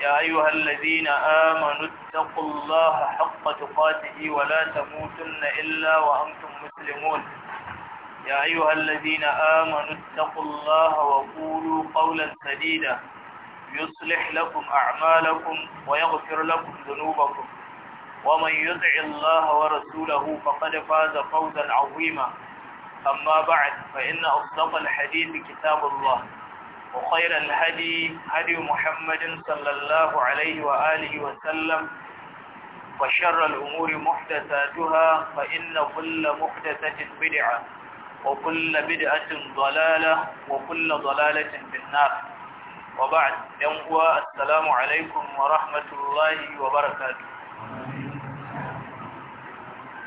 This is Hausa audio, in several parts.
يا أيها الذين آمنوا اتقوا الله حق تقاته ولا تموتن إلا وأنتم مسلمون يا أيها الذين آمنوا اتقوا الله وقولوا قولا سديدا يصلح لكم أعمالكم ويغفر لكم ذنوبكم ومن يطع الله ورسوله فقد فاز فوزا عظيما أما بعد فإن أصدق الحديث كتاب الله وخير الهدي هدي محمد صلى الله عليه وآله وسلم وشر الأمور محدثاتها فإن كل محدثة بدعة وكل بدعة ضلالة وكل ضلالة في النار وبعد ينقوى السلام عليكم ورحمة الله وبركاته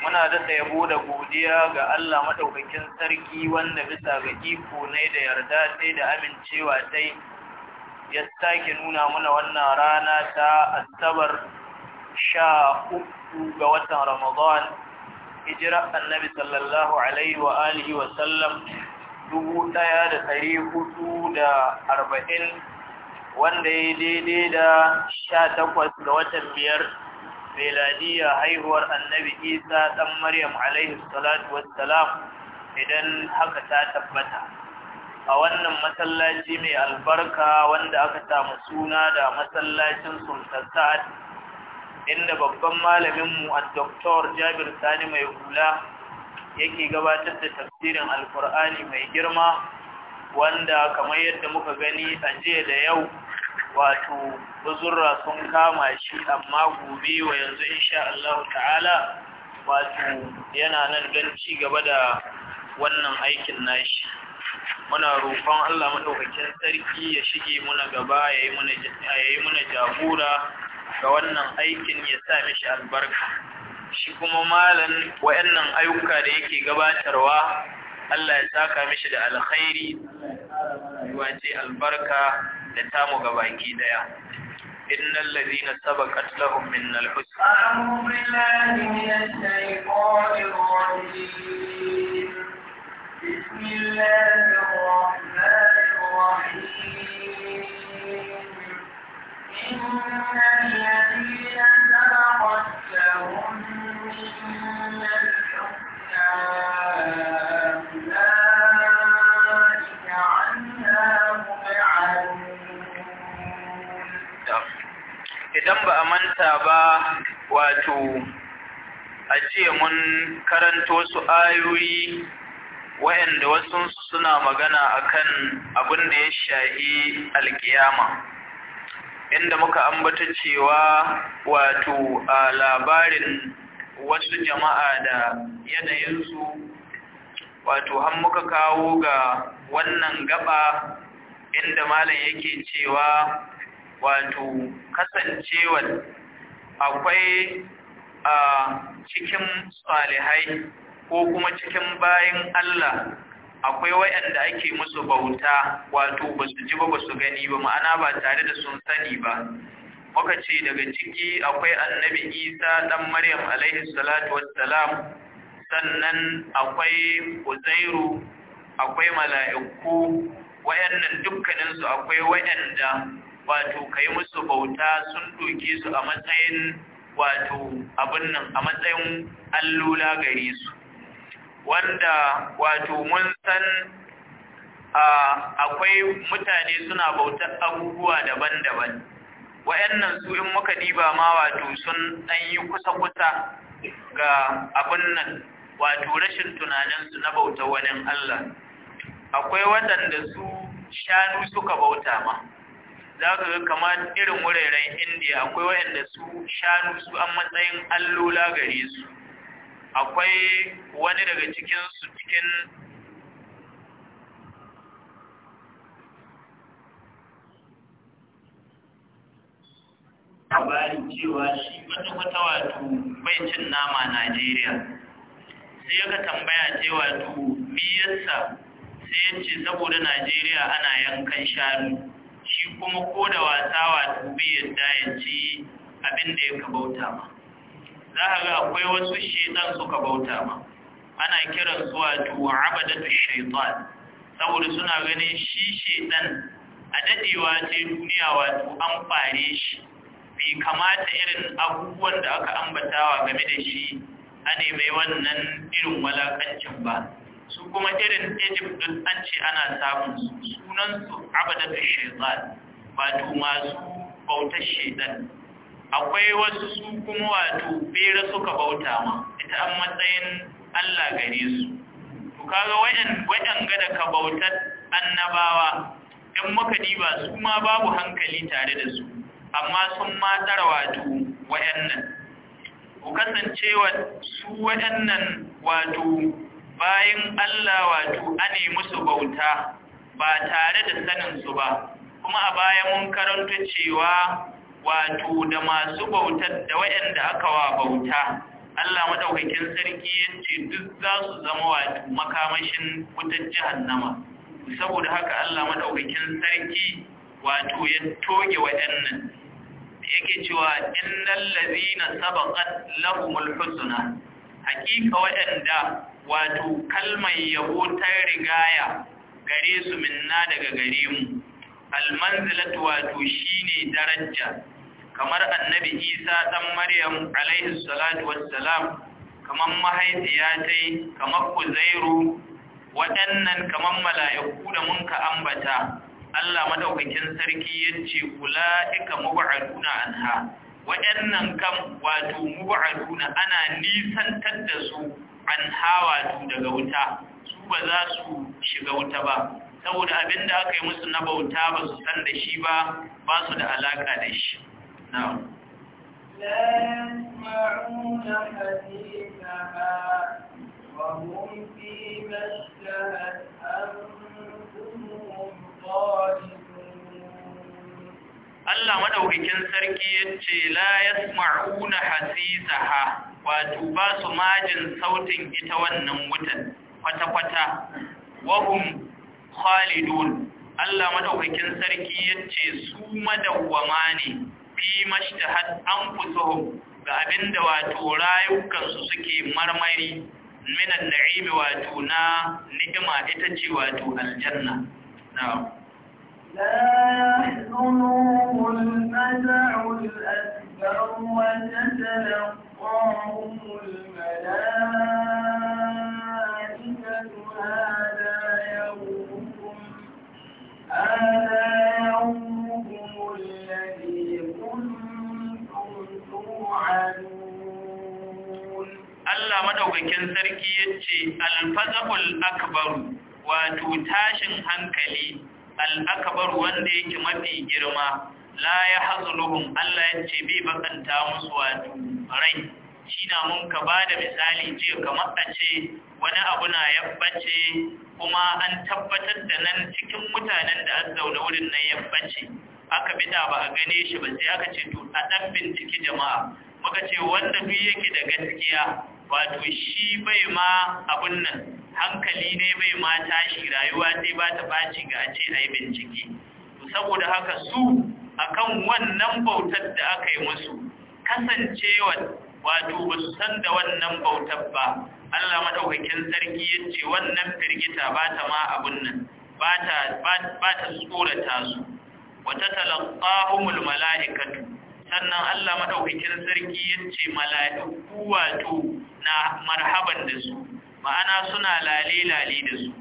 muna daɗa yabo da godiya ga Allah maɗaukakin sarki wanda bisa ga iko ne da yarda sai da amincewa sai ya sake nuna muna wannan rana ta asabar sha uku ga watan ramadan hijira annabi sallallahu alaihi wa alihi wa sallam dubu ɗaya da ɗari hudu da arba'in wanda ya daidai da sha takwas ga watan biyar meladiya haihuwar annabi isa ɗan maryam alaihi salatu wassalam idan haka ta tabbata a wannan masallaci mai albarka wanda aka samu suna da masallacin sultan sa'ad inda babban malaminmu a doktor jabir sani mai hula yake gabatar da tafsirin alkur'ani mai girma wanda kamar yadda muka gani a jiya da yau wato buzurra sun kama shi amma gobe wa yanzu insha Allah ta'ala wato yana nan don ci gaba da wannan aikin nashi muna roƙon Allah madaukakin sarki ya shige muna gaba yayi muna yayi muna jagora ga wannan aikin ya sa mishi albarka shi kuma malan wayannan ayyuka da yake gabatarwa Allah ya saka mishi da alkhairi wace albarka da tamu ga baki daya innal ladina sabaqat lahum minnal husna a'udhu billahi minash shaitanir rajim bismillahir rahmanir rahim innal ladina sabaqat lahum minnal husna idan ba a manta ba wato a ce mun karanto su ayoyi wayanda wasu suna magana akan abin da ya shahi alkiyama inda muka ambata cewa wato a labarin wasu jama'a da yanayinsu wato han muka kawo ga wannan gaba inda malam yake cewa wato kasancewar akwai a cikin tsalihai, ko kuma cikin bayan Allah akwai wayanda ake musu bauta wato ba su ji ba ba su gani ba ma'ana ba tare da sun sani ba muka ce daga ciki akwai annabi isa dan maryam alaihi salatu wassalam sannan akwai uzairu akwai mala'iku wayannan dukkaninsu akwai wayanda wato ka yi musu bauta sun doke su a matsayin wato abin nan a matsayin allola gare su wanda wato mun san akwai mutane suna bautar abubuwa daban-daban wayannan su in muka diba ma wato sun dan yi kusa-kusa ga abin nan wato rashin tunaninsu na bauta wani Allah akwai waɗanda su shanu suka bauta ma za ka ga kamar irin wuraren indiya akwai wayanda su shanu su an matsayin allola gare su akwai wani daga cikin su cikin labarin cewa shi wata wata wato baicin nama najeriya sai ya ka tambaya ce wato miyarsa sai ya ce saboda najeriya ana yankan shanu kuma ko da wasa wa bai yadda ya ci abin ya kabauta bauta ma za a ga akwai wasu shaitan suka bauta ma ana kiran su wato abadatu shaitan saboda suna ganin shi shaitan a dadewa ce duniya wato an fare shi bai kamata irin abubuwan da aka ambata wa game da shi a mai wannan irin walakancin ba su kuma irin egypt an ce ana samun sunansu abadatu shaitan wato masu bautar shaitan akwai wasu su kuma wato bera suka bauta ma ita an matsayin Allah gare su to kaga wayan ga ka bautar annabawa in muka diba su ma babu hankali tare da su amma sun matsara wato wayannan ku kasancewa su wayannan wato bayan Allah wato ane musu bauta ba tare da sanin su ba kuma a baya mun karanta cewa wato da masu bautar da waɗanda aka wa bauta Allah madaukakin sarki yace duk za su zama wato makamashin wutar jahannama saboda haka Allah madaukakin sarki wato ya toge waɗannan yake cewa innal ladina sabaqat lahumul husna hakika waɗanda wato kalmar yabo ta rigaya gare su minna daga gare mu almanzilatu wato shine daraja kamar annabi isa dan maryam alaihi salatu wassalam kamar mahaifiya tai kamar uzairu waɗannan kamar mala'iku da munka ambata Allah madaukakin sarki yace ulaika mub'aduna anha waɗannan kam wato mub'aduna ana nisantar da su an hawa daga wuta su ba za su shiga wuta ba saboda abin da aka yi musu na bauta ba su san da shi ba ba su da alaka da shi Allah maɗaukakin sarki ya ce la yasma'una hasisaha wato ba su majin sautin ita wannan wutan kwata-kwata wahum khalidun Allah madaukakin sarki yace su madawwama ne fi mashtahat anfusuhum ga abinda wato rayukan su suke marmari min al naim wato na ni'ima ita ce wato aljanna na'am la يحزنهم Allah madaukakin sarki ya ce fazabul akbar wa tutashin hankali al-akbar wanda yake mafi girma la yahzuluhum Allah yace bi bakanta musu wato rai shi na mun ka ba da misali jiya kamar a ce wani abu na yabbace kuma an tabbatar da nan cikin mutanen da an zaune wurin na yabbace aka bida ba a gane shi ba sai aka ce to a ɗan binciki jama'a muka ce wanda duk yake da gaskiya wato shi bai ma abun nan hankali ne bai ma tashi rayuwa sai ba ta baci ga a ce a yi bincike saboda haka su akan wannan bautar da aka yi musu kasancewa wato ba su san da wannan bautar ba Allah madaukakin sarki ya wannan firgita ba ta ma abun nan ba ta tsorata su wata talaqqahumul mala'ikatu sannan Allah madaukakin sarki ya ce mala'iku wato na marhaban da su ma'ana suna lale lale da su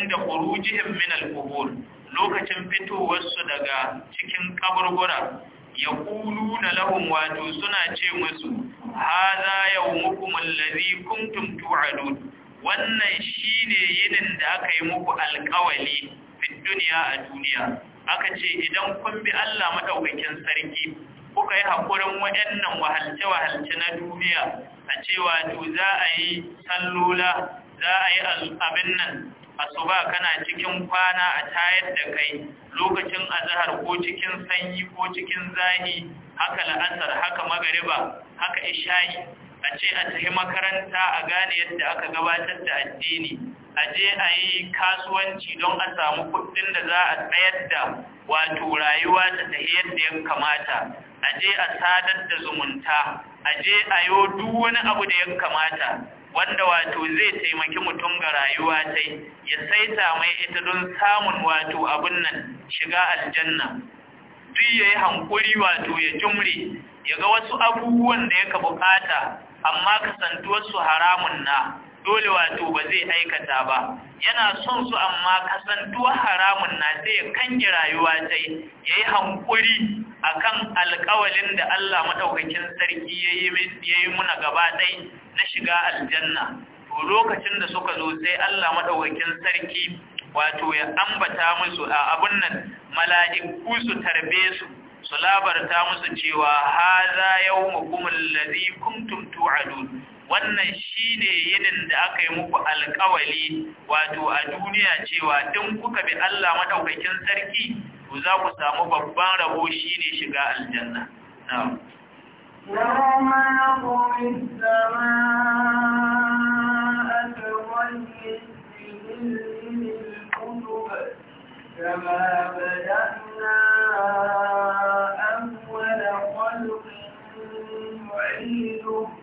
inda khurujihim min al-qubur lokacin fitowarsu daga cikin kaburbura ya ƙulu na lahun wato suna ce musu haza yau muku lazi kuntum tu'adun wannan shine yinin da aka yi muku alkawali fi duniya a duniya aka ce idan kun bi Allah maɗaukakin sarki kuka yi hakurin waɗannan wahalce-wahalce na duniya a cewa to za a yi sallola za a yi abin nan asuba kana cikin kwana a tayar da kai lokacin azhar ko cikin sanyi ko cikin zahi haka la'asar haka magariba haka isha'i a ce a tafi makaranta a gane yadda aka gabatar da addini a je a yi kasuwanci don a samu kuɗin da za a tsayar da wato rayuwa ta tafi yadda ya kamata a je a sadar da zumunta a je a yi duk wani abu da ya kamata wanda wato zai taimaki mutum ga rayuwa ta ya saita mai ita don samun wato abin nan shiga aljanna duk ya yi hankuri wato ya jumri ya ga wasu abubuwan da ya ka bukata amma kasantuwarsu haramun na dole wato ba zai aikata ba yana son su amma kasantuwa haramun na sai ya kange rayuwa sai ya yi hankuri a kan alkawalin da Allah maɗaukakin sarki ya yi muna gaba ɗai na shiga aljanna to lokacin da suka zo sai Allah maɗaukakin sarki wato ya ambata musu a abin nan mala'iku su tarbe su su labarta musu cewa haza yawmukum allazi kuntum tu'adun wannan shi ne yinin da aka yi muku alƙawali wato a duniya cewa tun kuka bi Allah maɗaukakin sarki ku za ku samu babban rabo ne shiga aljanna na'am يوم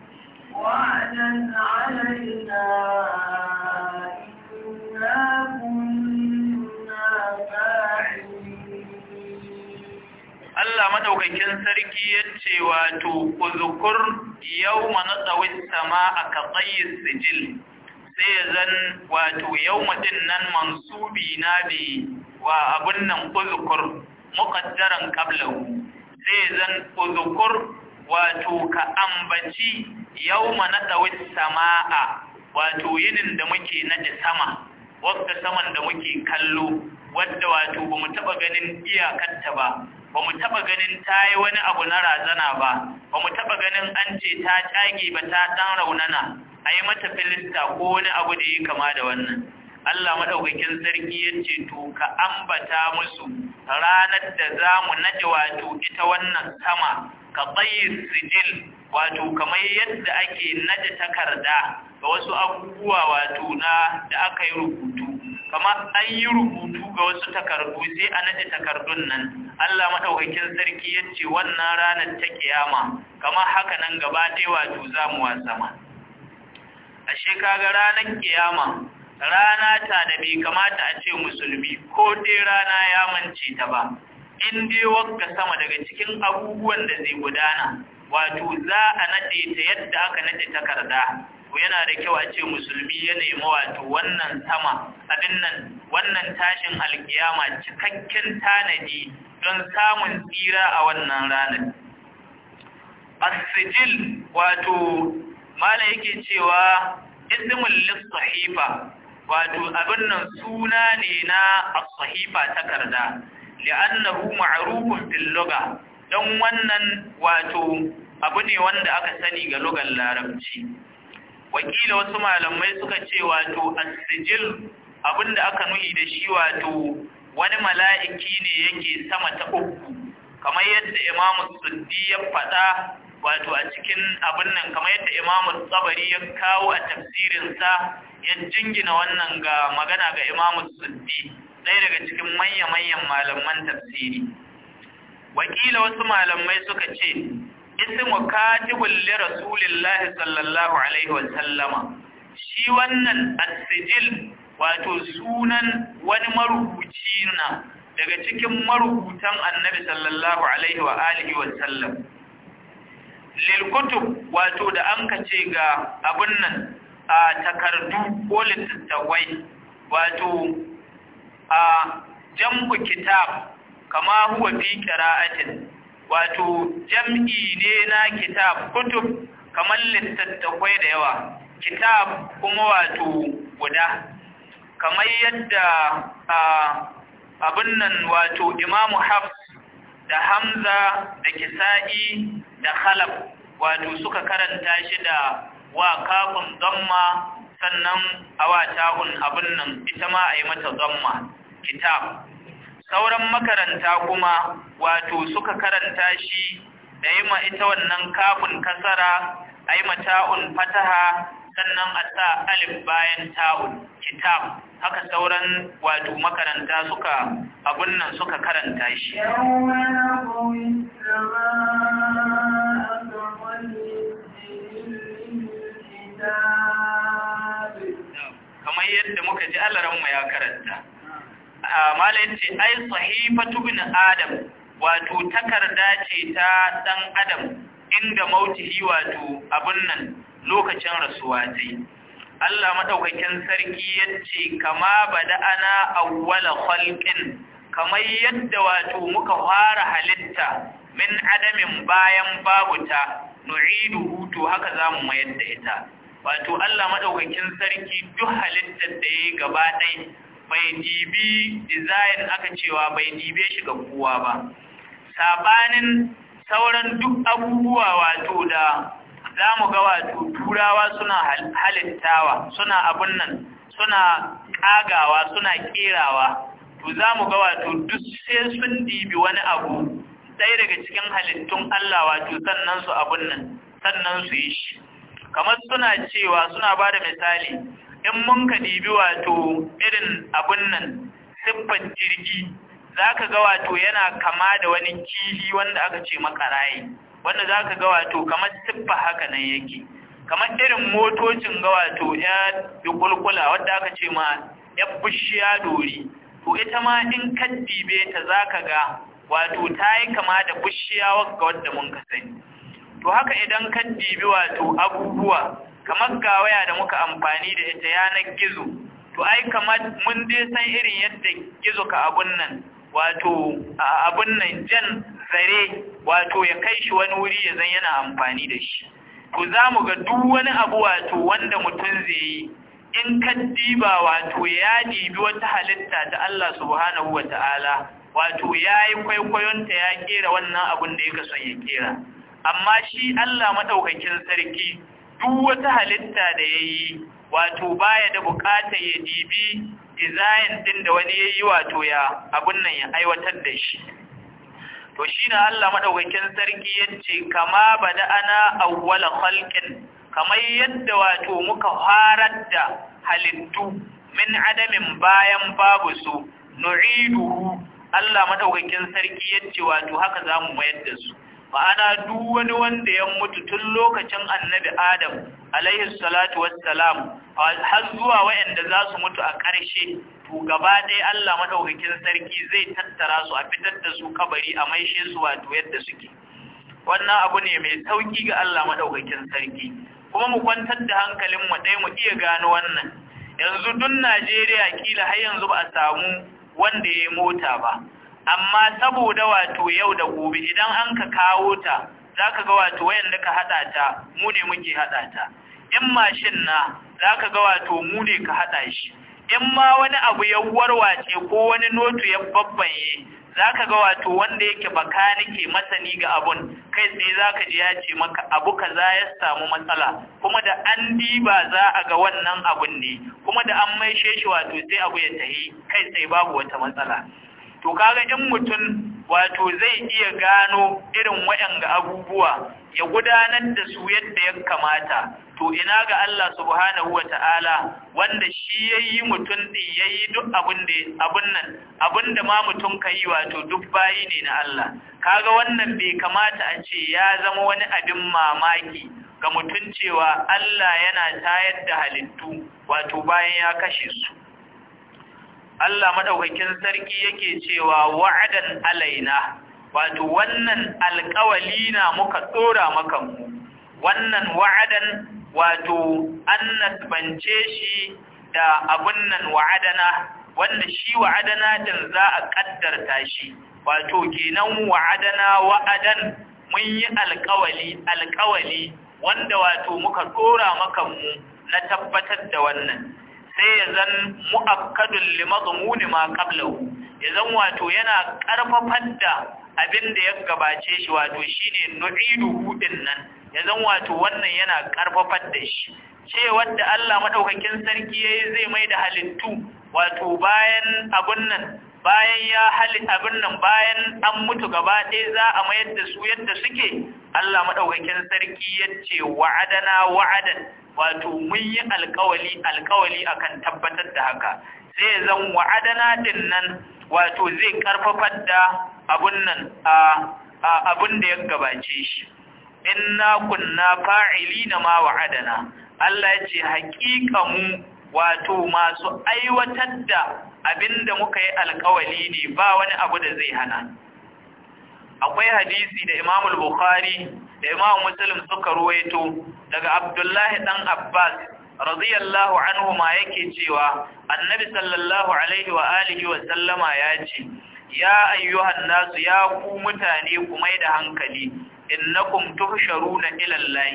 وعدا علينا إنا كنا فاعلين الله مدوكين سركي يتي واتو اذكر يوم نطوي السماء كطي السجل sai zan wato yau mutum nan mansubi na bi wa abin nan uzukur muƙaddaran kablau sai zan uzukur wato ka ambaci na ɗawi samaa wato yinin da muke naɗe sama wadda saman da muke kallo wadda wato ba mu taɓa ganin iyakarta ba ba mu taɓa ganin ta yi wani abu na razana ba ba mu taɓa ganin an ce ta ƙyage ba ta ɗan raunana a yi mata filista ko wani abu da ya kama da wannan Allah madaukakin sarki yace to ka ambata musu ranar da zamu naje wato ita wannan sama ka tsayin sijil wato kamar yadda ake naje takarda ga wasu abubuwa wato na da aka yi rubutu kamar an yi rubutu ga wasu takardu sai a naje takardun nan Allah madaukakin sarki yace wannan ranar ta kiyama kamar haka nan gaba dai wato zamu wasama ashe kaga ranar kiyama rana ta da bai kamata a ce musulmi ko dai rana ya mance ta ba in dai wakka sama daga cikin abubuwan da zai gudana wato za a nade ta yadda aka nade takarda ko yana da kyau a ce musulmi ya nemi wato wannan sama abin nan wannan tashin alkiyama cikakken tanadi don samun tsira a wannan ranar asijil wato malam yake cewa ismul lissahifa wato abin nan suna ne na as-sahifa takarda li'annahu ma'rufun fil lugha dan wannan wato abu ne wanda aka sani ga lugar larabci wakila wasu malamai suka ce wato as-sijil abinda aka nuhi da shi wato wani mala'iki ne yake sama ta uku kamar yadda imamu suddi ya faɗa wato a cikin abin nan kamar yadda imamu tsabari ya kawo a tafsirinsa ya jingina wannan ga magana ga imamu suddi ɗaya daga cikin manya-manyan malaman tafsiri wakila wasu malamai suka ce ismu katibul li rasulillahi sallallahu alaihi wa sallama shi wannan as wato sunan wani marubuci na daga cikin marubutan annabi sallallahu alaihi wa alihi wa sallam lilkutub wato da an kace ga abun nan a takardu ko littattafai wato a jam'u kitab kama huwa fi qira'atin wato jam'i ne na kitab kutub kamar littattafai da yawa kitab kuma wato guda kamar yadda abin nan wato imamu hafs da hamza da kisa'i da khalaf wato suka karanta shi da wa kafin zamma sannan wa ta'un abin nan ita ma a yi mata zamma kitab sauran makaranta kuma wato suka karanta shi da yi ma ita wannan kafin kasara a yi mata'un fataha sannan a sa alif bayan ta'un kitab haka sauran wato makaranta suka abun nan suka karanta shi kamar yadda muka ji mu ya karanta malayin ce ai sahifatu bin adam wato takarda ce ta dan adam inda mautihi wato abun nan lokacin rasuwa ta yi Allah maɗaukakin sarki yace kama ba bada'ana awwala khalqin kamar yadda wato muka fara halitta min adamin bayan babuta nu'iduhu hutu haka za mu mayar da ita wato Allah maɗaukakin sarki duk halittar da yi gaba ɗai bai dibi design aka cewa bai dibe shi ga kowa ba sabanin sauran duk abubuwa wato da za mu ga wato turawa suna halittawa suna abun nan suna kagawa suna kerawa to za mu ga wato duk sai sun dibi wani abu ɗaya daga cikin halittun Allah wato sannan su abun nan sannan su yi shi kamar suna cewa suna ba da misali in mun ka dibi wato irin abun nan siffar jirgi za ka ga wato yana kama da wani kili wanda aka ce makarayi wanda za ka ga wato kamar siffa haka nan yake kamar irin motocin ga wato ya kulkula wadda aka ce ma ya bushiya dori to ita ma in ka dibe ta za ka ga wato ta yi kama da bushiya wadda wadda mun ka to haka idan ka dibi wato abubuwa kamar ga waya da muka amfani da ita yanar gizo to ai kamar mun dai san irin yadda gizo ka abun nan wato abin nan jan zare wato ya kai shi wani wuri ya zan yana amfani da shi Ku za mu ga duk wani abu wato wanda mutum zai yi in ka diba wato ya dibi wata halitta ta Allah subhanahu wa ta'ala wato ya yi kwaikwayonta ya kera wannan abin da ya kasu ya kera amma shi Allah maɗaukakin sarki duk wata halitta da ya yi wato baya da bukata ya dibi dizayin din da wani ya yi wato ya abun nan ya aiwatar da shi to shi na Allah maɗaukakin sarki ya ce kama ba da ana awwala halkin kamar yadda wato muka harar da halittu min adamin bayan babu su nu'iduhu Allah maɗaukakin sarki ya ce wato haka za mu mayar da su ma'ana duk wani wanda ya mutu tun lokacin annabi adam alaihi salatu wassalam har zuwa wayanda za su mutu a ƙarshe to gaba ɗaya Allah madaukakin sarki zai tattara su a fitar da su kabari a maishe su wato yadda suke wannan abu ne mai sauki ga Allah madaukakin sarki kuma mu kwantar da hankalin mu dai mu iya gano wannan yanzu duk Najeriya kila har yanzu ba a samu wanda ya mota ba amma saboda wato yau da gobe idan an ka kawo ta za ka ga wato wayan da ka haɗa ta mu ne muke haɗa ta in mashin na za ka ga wato mu ne ka haɗa shi in ma wani abu ya warwace ko wani notu ya babbanye za ka ga wato wanda yake baka bakanike masani ga abun kai tsaye za ka ji ya ce maka abu za ya samu matsala kuma da an diba za a ga wannan abun ne kuma da an maishe shi wato sai abu ya tahi kai tsaye babu wata matsala to kaga in mutum wato zai iya gano irin waɗanda abubuwa ya gudanar da su yadda ya kamata to ina ga Allah subhanahu wa ta'ala wanda shi ya yi mutum ɗin ya yi duk abin nan abin da ma mutum ka yi wato duk bayi ne na Allah kaga wannan bai kamata a ce ya zama wani abin mamaki ga mutum cewa Allah yana tayar da halittu wato bayan ya kashe su Allah madaukakin sarki yake cewa wa'adan alaina wato wannan alƙawali na muka tsora maka mu wannan wa'adan wato an nasbance shi da abun nan wa'adana wanda shi wa'adana din za a ƙaddarta shi wato kenan wa'adana wa'adan mun yi alƙawali alƙawali wanda wato muka tsora makan mu na tabbatar da wannan sai ya zan mu'akkadun limadmuni ma qablahu ya zan wato yana karfafar da abin da ya gabace shi wato shine nu'idu hudin nan ya zan wato wannan yana karfafar da shi ce wanda Allah madaukakin sarki yayi zai mai da halittu wato bayan abun nan bayan ya hali abin nan bayan an mutu gaba ɗaya za a mayar da su yadda suke Allah madaukakin sarki yace wa'adana wa'adan wato mun yi alkawali alkawali akan tabbatar da haka sai zan wa'adana din nan wato zai karfafar da abun nan abun da ya gabace shi inna kunna fa'ilina ma wa'adana Allah ya ce haƙiƙa mu wato masu aiwatar da abinda muka yi alkawali ne ba wani abu da zai hana akwai hadisi da Imam al-Bukhari da Imam Muslim suka ruwaito daga Abdullahi dan Abbas radiyallahu anhu ma yake cewa Annabi sallallahu alaihi wa alihi wa sallama ya ce ya ayyuhan nasu ya ku mutane ku mai da hankali innakum tuhsharuna ila Allah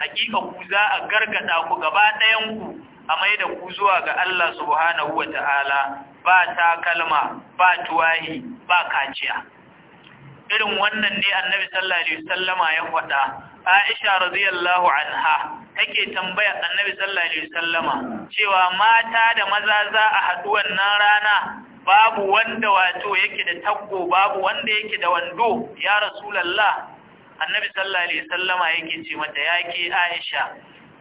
hakika ku za a gargada ku gaba ɗayan ku a mai da ku zuwa ga Allah subhanahu wa ta'ala ba takalma ba tuwahi ba kaciya irin wannan ne annabi sallallahu alaihi wasallama ya faɗa Aisha radiyallahu anha take tambaya annabi sallallahu alaihi wasallama cewa mata da maza za a haɗu wannan rana babu wanda wato yake da taggo babu wanda yake da wando ya rasulullah annabi sallallahu alaihi wasallama yake ce mata yake Aisha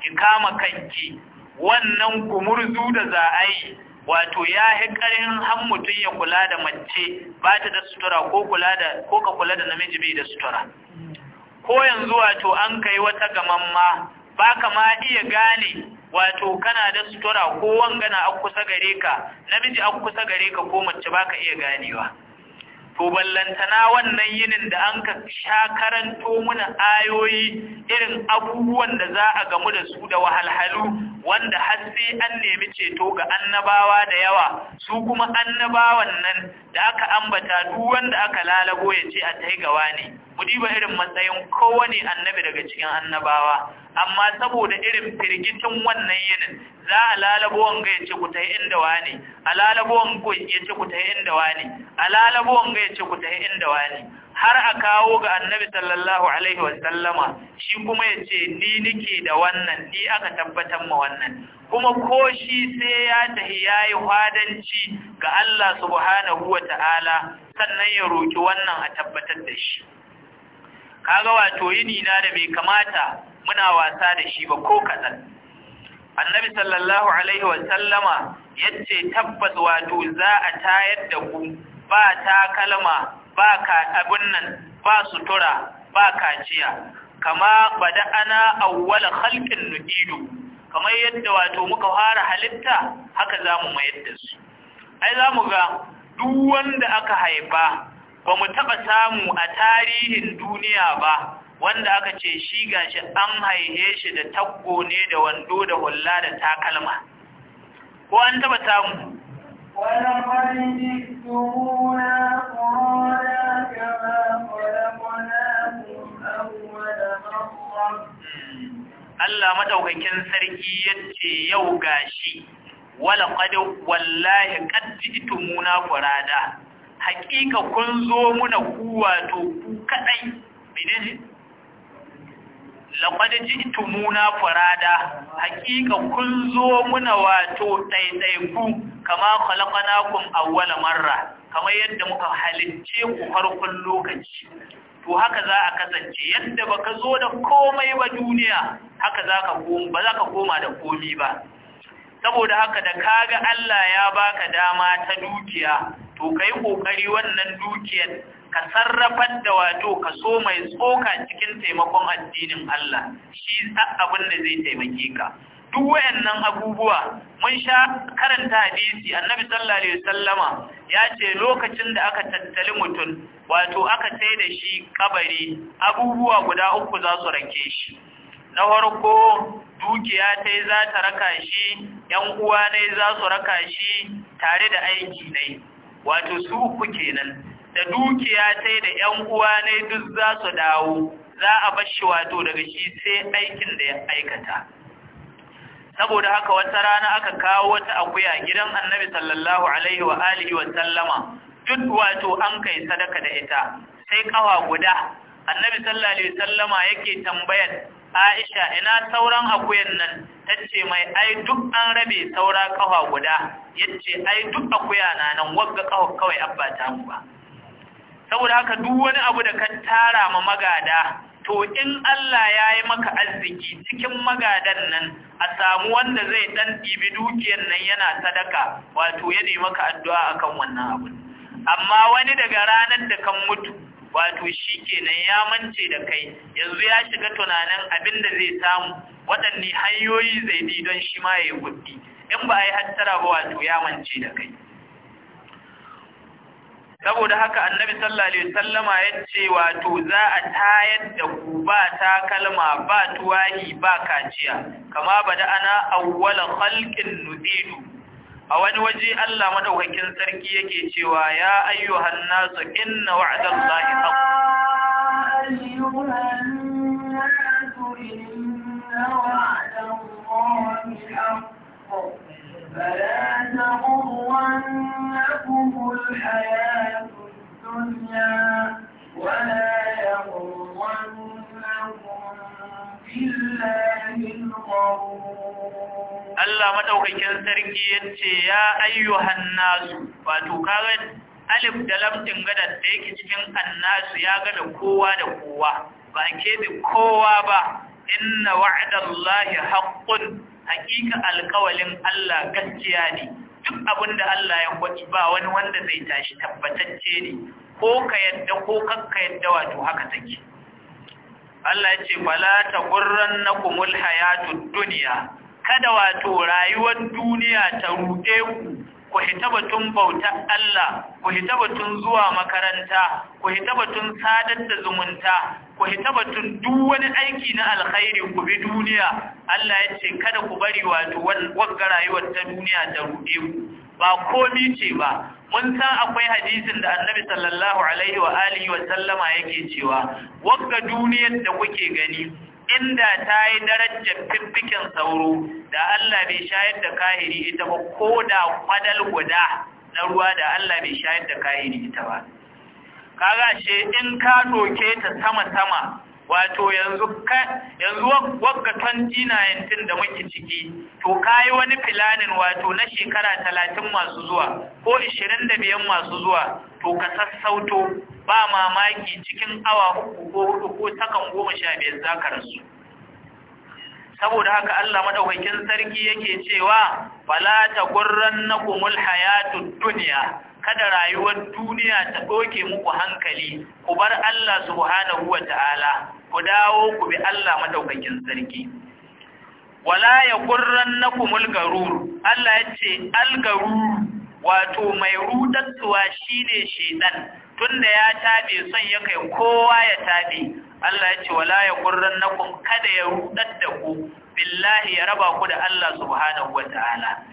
ki kama kanki wannan gumurzu da za a yi wato ya yi ƙarin han mutum ya kula da mace ba ta da sutura ko ka kula da namiji bai da sutura ko yanzu wato an kai wata gamamma ba ka ma iya gane wato kana da sutura ko wangana a kusa gare ka namiji a kusa gare ka ko mace ba ka iya ganewa to ballantana wannan yinin da an ka sha karanto muna ayoyi irin abubuwan da za a gamu da su da wahalhalu wanda har sai an nemi ceto ga annabawa da yawa su kuma annabawan nan da aka ambata duk wanda aka lalago ya ce a yi gawa ne mu diba irin matsayin kowane annabi daga cikin annabawa amma saboda irin firgitin wannan yinin za a lalabo wanga ya ce ku ta yi inda wa ne. a lalabo wanga ya ce ku ta yi inda ne. a lalabo wanga ya ce ku yi inda ne. har a kawo ga annabi sallallahu alaihi wasallama shi kuma ya ce ni nike da wannan ni aka tabbatar ma wannan kuma ko shi sai ya tahi ya yi hadanci ga Allah subhanahu wa ta'ala sannan ya roki wannan a tabbatar da shi kaga wato yini na da bai kamata muna wasa da shi ba ko kaɗan annabi sallallahu alaihi wasallama ya ce tabbas wato za a tayar da ku ba ta kalma ba ka abin nan ba sutura ba kaciya kama bada ana awwal khalqin nu'idu kamar yadda wato muka fara halitta haka zamu mayar da su ai zamu ga duk wanda aka haifa ba mu taba samu a tarihin duniya ba wanda aka ce shi gashi an haife shi da taggo ne da wando da hulla da takalma ko an taba samu ولقد na قرآن Allah madaukakin sarki yace yau gashi wala qad wallahi qad jitumuna qurada haqiqa kun zo muna ku wato ku kadai menene laqad jitumuna qurada haqiqa kun zo muna wato ɗaiɗaiku kama khalaqnakum awwala marra kamar yadda muka halicce ku farkon lokaci to haka za a kasance yadda baka zo da komai ba duniya haka za ka koma ba za ka koma da komi ba saboda haka da ka ga Allah ya baka dama ta dukiya to kai kokari wannan dukiyar ka sarrafar da wato ka so mai tsoka cikin taimakon addinin Allah shi abin da zai taimake ka duk wayannan abubuwa mun sha karanta hadisi annabi sallallahu alaihi wasallama ya ce lokacin da aka tattali mutum wato aka sai da shi kabari abubuwa guda uku za su rake shi na farko dukiya ta yi za ta raka shi yan uwa ne za su raka shi tare da aiki ne wato su uku kenan da dukiya ta yi da yan uwa ne duk za su dawo za a bashi wato daga shi sai aikin da ya aikata saboda haka wata rana aka kawo wata akuya gidan annabi sallallahu alaihi wa alihi wa sallama duk wato an kai sadaka da ita sai kawa guda annabi sallallahu alaihi wa sallama yake tambayar Aisha ina sauran akuyan nan tace mai ai duk an rabe saura kawa guda yace ai duk akuya na nan wagga kawa kawai abba ta mu ba saboda haka duk wani abu da ka tara ma magada to in Allah ya yi maka arziki cikin magadan nan a samu wanda zai dan ɗibi dukiyar nan yana sadaka wato ya maka addu'a akan wannan abu amma wani daga ranar da kan mutu wato shi kenan ya mance da kai yanzu ya shiga tunanin abin da zai samu waɗanne hanyoyi zai bi don shi ma ya yi kuɗi in ba a yi hattara ba wato ya mance da kai saboda haka annabi sallallahu alaihi ya ce wato za a tayar da ku ba takalma ba tuwahi ba kaciya kama bada ana awwala khalqin nudidu a wani waje Allah madaukakin sarki yake cewa ya ayyuhan nasu inna wa'dallahi haqq ayyuhan nasu inna wa'dallahi haqq Allah madaukakin sarki yace ya ayyuhan nasu wato kaga alif da lam din gada da yake cikin annasu ya gada kowa da kowa ba ke bi kowa ba inna wa'dallahi haqqun hakika alƙawalin Allah gaskiya ne duk abin da Allah ya kwaci ba wani wanda zai tashi tabbatacce ne ko ka yadda ko kanka yadda wato haka take Allah ya ce fala ta gurran na kumul hayatun duniya kada wato rayuwar duniya ta ruɗe ku ku hita batun bautar Allah, ku hita batun zuwa makaranta, ku hita batun sadar da zumunta, ku hitabatun duk wani aiki na alkhairi ku bi duniya Allah ya ce kada ku bari wato wagga rayuwar ta duniya ta ruɗe ku ba komi ce ba mun san akwai hadisin da annabi sallallahu alaihi wa alihi wa sallama yake cewa wagga duniyar da kuke gani inda ta yi darajar fiffikin sauro da Allah bai shayar da kahiri ita ba ko da madal guda na ruwa da Allah bai shayar da kahiri ita ba kaga she in ka doke ta sama-sama wato yanzu yanzu wagga 2019 da muke ciki to yi wani filanin wato na shekara 30 masu zuwa ko 25 masu zuwa to ka sassauto ba mamaki cikin awa uku ko hudu ko takan goma sha biyar za ka rasu saboda haka Allah madaukakin sarki yake cewa fala tagurrannakumul hayatud dunya kada rayuwar duniya ta ɗoke muku hankali ku bar Allah subhanahu wa ta'ala ku dawo ku bi Allah madaukakin sarki wala ya kurrannakumul garur Allah ya ce algarur wato mai rudattuwa shine shedan tunda ya taɓe son ya kai kowa ya tabe Allah ya ce wala ya qurrannakum kada ya rudat da ku billahi ya raba ku da Allah subhanahu Ta'ala.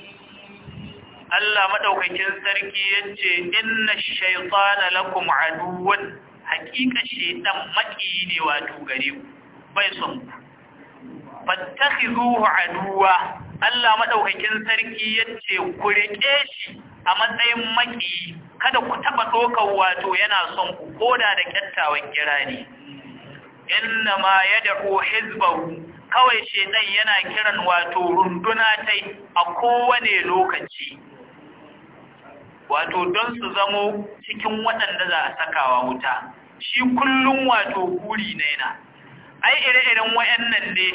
Allah maɗaukakin sarki yace inna shaitana lakum aduwan hakika shaytan maki ne wato gare ku bai fi zuwa aduwa Allah maɗaukakin sarki yace ku riƙe shi a matsayin maki kada ku taɓa dokar wato yana son ku koda da kyattawan kira ne inna ma daɗo hizbahu kawai shedan yana kiran wato runduna tai a kowane lokaci wato don su zamo cikin waɗanda za a sakawa wuta shi kullum wato guri na yana, ai ire-iren wayannan ne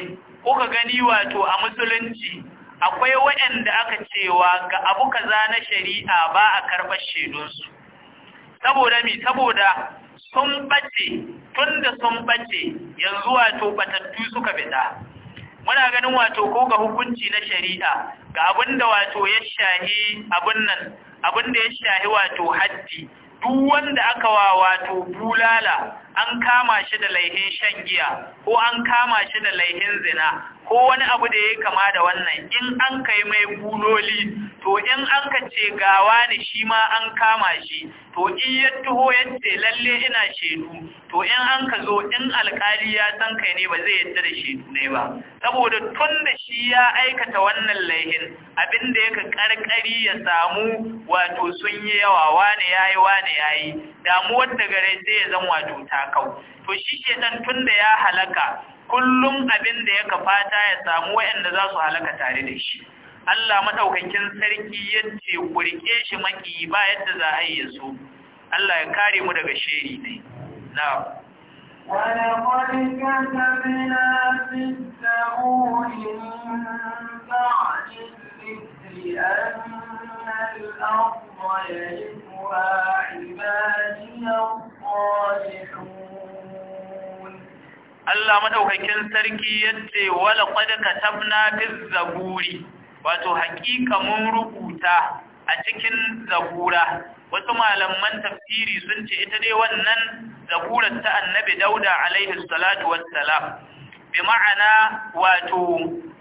kuka gani wato a musulunci akwai wayanda aka cewa ga abu kaza na shari'a ba a karɓar shaidunsu saboda mi saboda sun bace tunda sun bace yanzu wato batattu suka fita, muna ganin wato ko ga hukunci na shari'a ga abin da wato ya shahi abin nan abin da ya shahi wato haddi duk wanda aka wa wato bulala an kama shi da laihin shan giya ko an kama shi da laihin zina ko wani abu da ya kama da wannan in an kai mai buloli to in an ka ce gawa ne shi ma an kama shi to in ya tuho ya ce lalle ina shedu to in an ka zo in alkali ya san kai ne ba zai yadda da shedu ne ba saboda tun da shi ya aikata wannan laihin abin da yaka karkari ya samu wato sun yi yawa wane yayi wane yayi damuwar da gare sai ya zama wato ta halakau to shi shedan tunda ya halaka kullum abin da ya kafata ya samu wayanda za su halaka tare da shi Allah madaukakin sarki yace kurke shi maki ba yadda za a yi su Allah ya kare mu daga sheri ne na'am ولقد كتبنا في الزبور من بعد الذكر أن الأرض allah عبادي madaukakin sarki yace wala qad katabna fi zaburi wato hakika mun rubuta a cikin zabura wasu malaman tafsiri sun ce ita dai wannan zaburar ta annabi dauda alaihi salatu wassalam bi ma'ana wato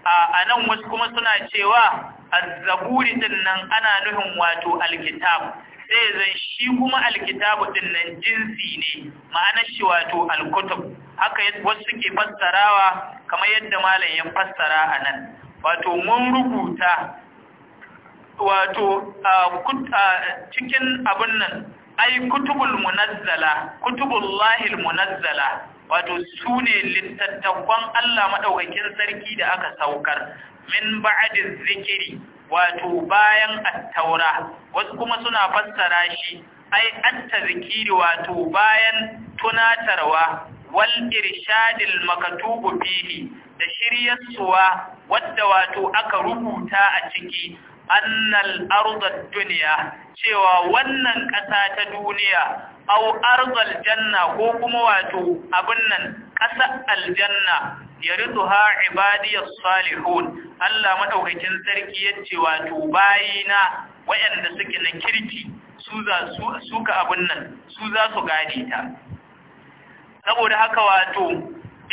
a nan wasu kuma suna cewa azzaburi zaburi din nan ana nufin wato alkitab sai zan shi kuma alkitabu din nan jinsi ne ma'anar shi wato alkutub haka wasu ke fassarawa kamar yadda malam ya fassara a nan wato mun rubuta wato cikin abin nan ai kutubul munazzala kutubullahil munazzala wato su ne littattafan Allah maɗaukakin sarki da aka saukar min ba'adin zikiri wato bayan attaura wasu kuma suna fassara shi ai atta zikiri wato bayan tunatarwa wal irshadil makatubu fihi da shiryarsuwa wadda wato aka rubuta a ciki annal arzal duniya cewa wannan ƙasa ta duniya au ardal janna ko kuma wato abin nan ƙasa aljanna yarithuha ibadiyas salihun Allah madaukakin sarki yace wato bayina wayanda suke na kirki su za su suka abin nan su za su gade ta saboda haka wato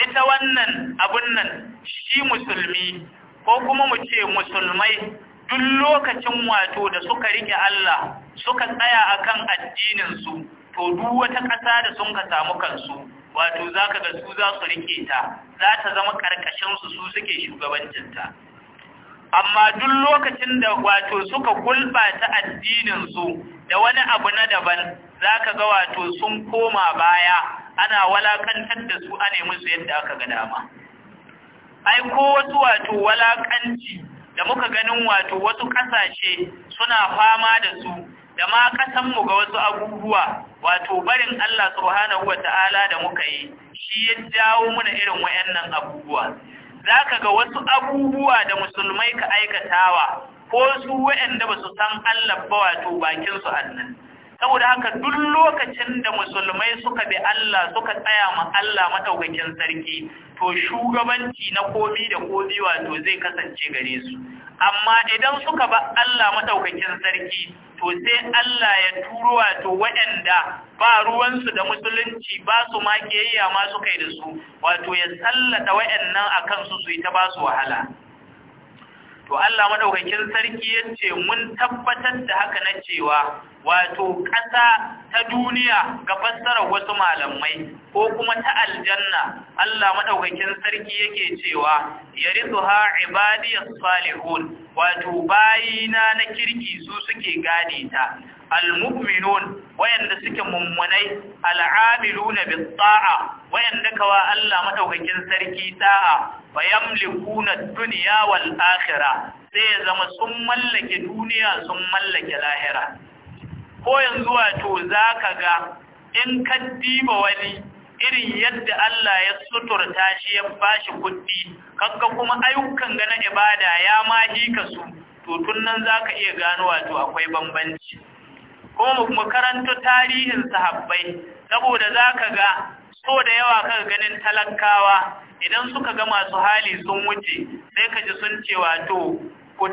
ita wannan abin nan shi musulmi ko kuma mu ce musulmai duk lokacin wato da suka rike Allah suka tsaya akan addininsu to duk wata ƙasa da sun ka samu kansu wato za ga su za su rike ta za ta zama ƙarƙashinsu su suke shugabancinta amma duk lokacin da wato suka gulbata addininsu da wani abu na daban zaka ga wato sun koma baya ana walakantar da su a nemi su yadda aka ga dama ai ko wasu wato walakanci da muka ganin wato wasu ƙasashe suna fama da su da ma ƙasanmu ga wasu abubuwa wato barin Allah subhanahu wa ta'ala da muka yi shi ya jawo muna irin wayannan abubuwa zaka ga wasu abubuwa da musulmai ka aikatawa ko su wayanda ba su san Allah ba wato bakinsu annabi saboda haka duk lokacin da musulmai suka bi Allah suka tsaya ma Allah madaukakin sarki to shugabanci na komi da komi wato zai kasance gare su amma idan suka ba Allah madaukakin sarki to sai Allah ya turo wato waɗanda ba ruwansu da musulunci ba su ma kiyayya ma suka yi da su wato ya sallata waɗannan akan su su yi ta ba su wahala to Allah madaukakin sarki yace mun tabbatar da haka na cewa wato ƙasa ta duniya ga fassarar wasu malamai ko kuma ta aljanna Allah madaukakin sarki yake cewa yarithuha ibadiyas salihun wato bayina na kirki su suke gane ta almu'minun wayanda suke mummunai al-amiluna na ta'a wayanda kawa Allah madaukakin sarki ta'a fayamlikuna dunya wal akhirah sai ya zama sun mallake duniya sun mallake lahira ko yanzu wato zaka ga in ka diba wani irin yadda Allah ya suturta shi ya bashi kuɗi kaga kuma ayyukan ga ibada ya ma hika su to tun nan zaka iya gano wato akwai bambanci kuma mu kuma karanto tarihin sahabbai saboda zaka ga so da yawa kan ganin talakawa idan suka ga masu hali sun wuce sai ka ji sun ce wato ku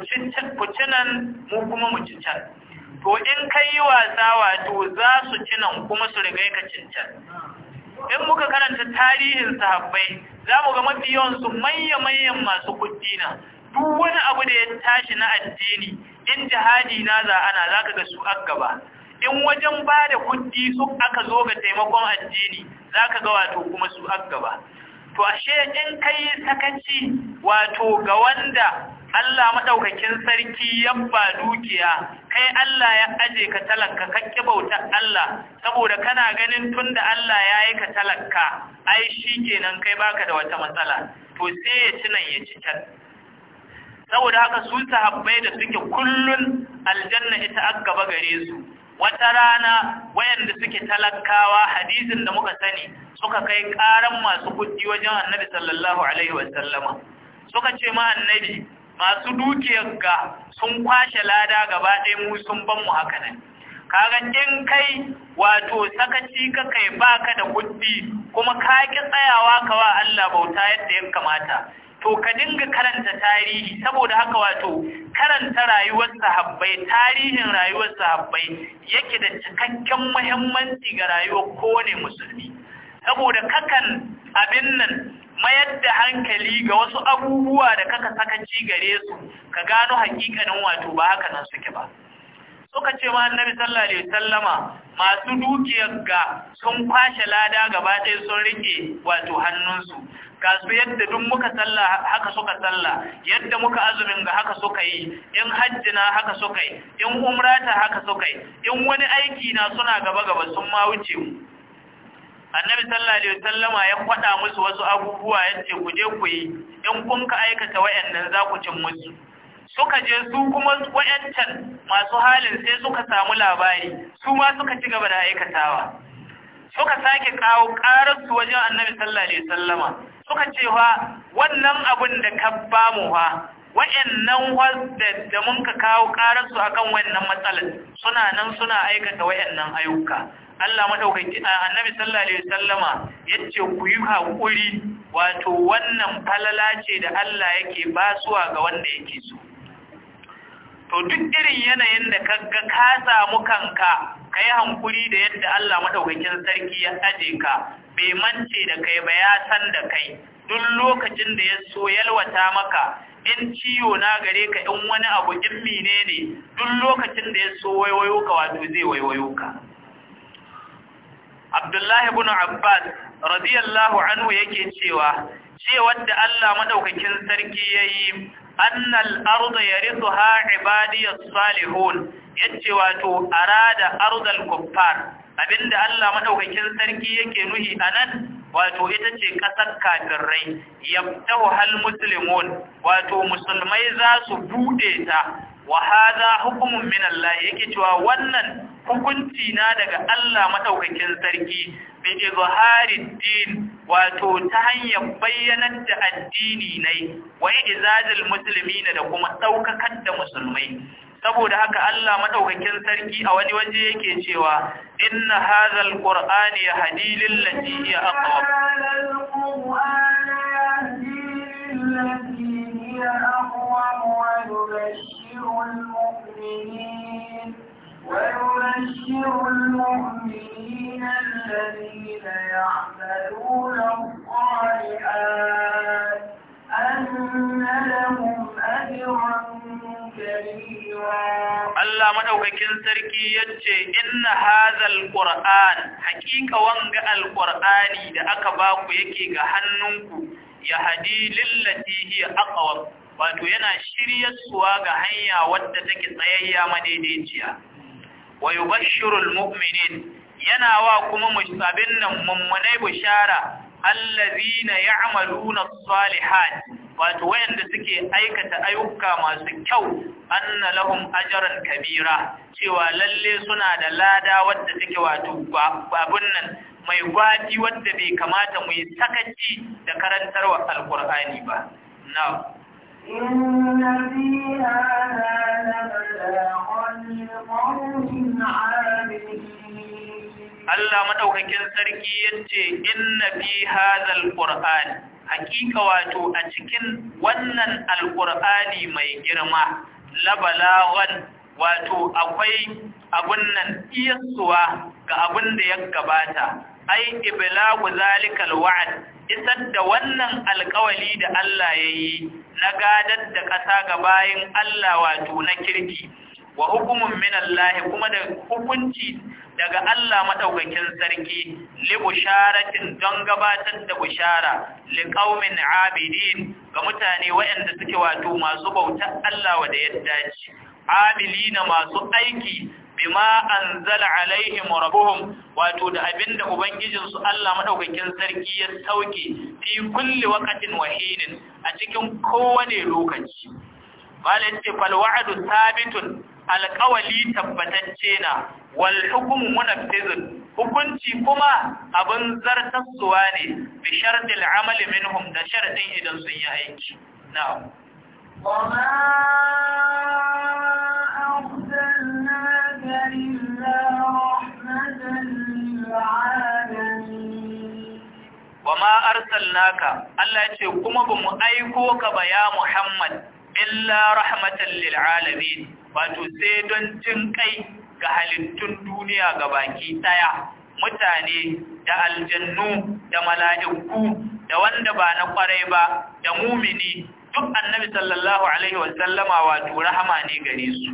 cinan mu kuma mu cican to in ka yi wasa wato za su cinan kuma su riga ka cincan in muka karanta tarihin sahabbai za mu ga mafi yawansu manya-manyan masu kuɗi na duk wani abu da ya tashi na addini in jihadi na za ana za ka ga su gaba in wajen ba da kuɗi su aka zo ga taimakon addini za ka ga wato kuma su a gaba to ashe in kai sakaci wato ga wanda Allah maɗaukakin sarki yabba dukiya kai Allah ya aje ka talaka kakki bautar Allah saboda kana ganin tunda Allah ya yi ka talaka ai shi kenan kai baka da wata matsala to sai ya ci nan ya ci can saboda haka sun sahabbai da suke kullun aljanna ita a gaba gare su wata rana wayanda suke talakawa hadisin da muka sani suka kai karan masu kuɗi wajen annabi sallallahu alaihi wasallama suka ce ma annabi masu dukiyar ga sun kwashe lada gaba ɗaya mu sun ban mu haka nan kaga in kai wato sakaci ka kai baka da kuɗi kuma ka ki tsayawa wa Allah bauta yadda ya kamata to ka dinga karanta tarihi saboda haka wato karanta rayuwar sahabbai tarihin rayuwar sahabbai yake da cikakken muhimmanci ga rayuwar kowane musulmi saboda kakan abin nan mayar da hankali ga wasu abubuwa da kaka saka ci gare su ka gano hakikanin wato ba haka nan suke ba suka ce ma annabi sallallahu alaihi wasallama masu dukiyar ga sun kwashe lada gaba ɗaya sun rike wato hannunsu ga su yadda duk muka salla haka suka salla yadda muka azumin ga haka suka yi in hajji na haka suka yi in umrata haka suka yi in wani aiki na suna gaba gaba sun ma wuce mu annabi sallallahu alaihi wasallama ya kwada musu wasu abubuwa yace ku je ku yi in kun ka aikata wayannan za ku cin musu suka je su kuma wayancan masu halin sai suka samu labari su ma suka ci gaba da aikatawa suka sake kawo ƙararsu wajen annabi sallallahu sallama suka ce wa wannan abin da ka ba mu wa wa'annan wadda da mun ka kawo ƙararsu akan wannan matsalar suna nan suna aikata wa'yannan ayyuka Allah madaukaki annabi sallallahu alaihi ya yace ku yi hakuri wato wannan falala ce da Allah yake basuwa ga wanda yake so duk irin yanayin da kaga ka samu kanka ka yi hankuri da yadda Allah maɗaukakin sarki ya aje ka bai mance da kai ba ya san da kai duk lokacin da ya so yalwata maka in ciwo na gare ka in wani abu in mine ne duk lokacin da ya so waiwayo ka wato zai waiwayo ka Abdullahi ibn Abbas radiyallahu anhu yake cewa Jiya wanda Allah madaukakin sarki yayi annal arda yarithuha ibadiyas salihun yace wato arada ardal kuffar abinda Allah madaukakin sarki yake nuhi anan wato ita ce kasar kafirai yabtahu hal muslimun wato musulmai za su bude ta Wahaza hadha hukmun min yake cewa wannan hukunci na daga Allah madaukakin sarki bi izharid din wato ta hanyar bayyanar da addini ne wa izadil muslimina da kuma daukakar da musulmai saboda haka Allah madaukakin sarki a wani waje yake cewa inna hadhal qur'ani yahdi lil lati hiya aqwam القرآن يهدي ويبشر المؤمنين ويبشر المؤمنين الذين يعملون الصالحات أن لهم أجرا Allah madaukakin sarki yace inna hazal qur'an hakika wanga alqur'ani da aka baku yake ga hannunku ya hadi lillati hiya aqwam wato yana shiryarsuwa ga hanya wadda take tsayayya madaidaiciya wa yubashshirul mu'minin yana wa kuma musabin nan mummunai bishara allazina ya'maluna as-salihat wato wayanda suke aikata ayyuka masu kyau anna lahum ajran kabira cewa lalle suna da lada wadda take wato babun nan mai gwaji wadda bai kamata mu yi sakaci da karantarwa alqur'ani ba na'am Allah madaukakin sarki yace inna fi hadzal qur'an hakika wato a cikin wannan alqur'ani mai girma labalawan wato akwai abun nan iyasuwa ga abun da ya gabata ai iblagu zalikal wa'd isar da wannan alkawali da Allah ya yi na gadar da ƙasa ga bayan Allah wato na kirki wa hukumun min Allah kuma da hukunci daga Allah madaukakin sarki li busharatin don gabatar da bushara liƙaumin qaumin abidin ga mutane wayanda suke wato masu bautar Allah wa da yadda ci amilina masu aiki bima zala alaihim rabbuhum wato da abinda ubangijin su Allah madaukakin sarki ya sauke fi kulle wakatin wahidin a cikin kowane lokaci malai ce fal wa'du thabitun tabbatacce na wal hukmu munaffizun hukunci kuma abin zartarsuwa ne bi shartil amali minhum da sharadin idan sun yi aiki na'am arsalnaka Allah ce kuma ba mu aiko ka ba ya Muhammad illa rahmatan lil alamin wato sai don cin kai ga halittun duniya ga baki daya mutane da aljannu da mala'iku da wanda ba na kwarai ba da mumini duk annabi sallallahu alaihi wasallama wato rahama ne gare su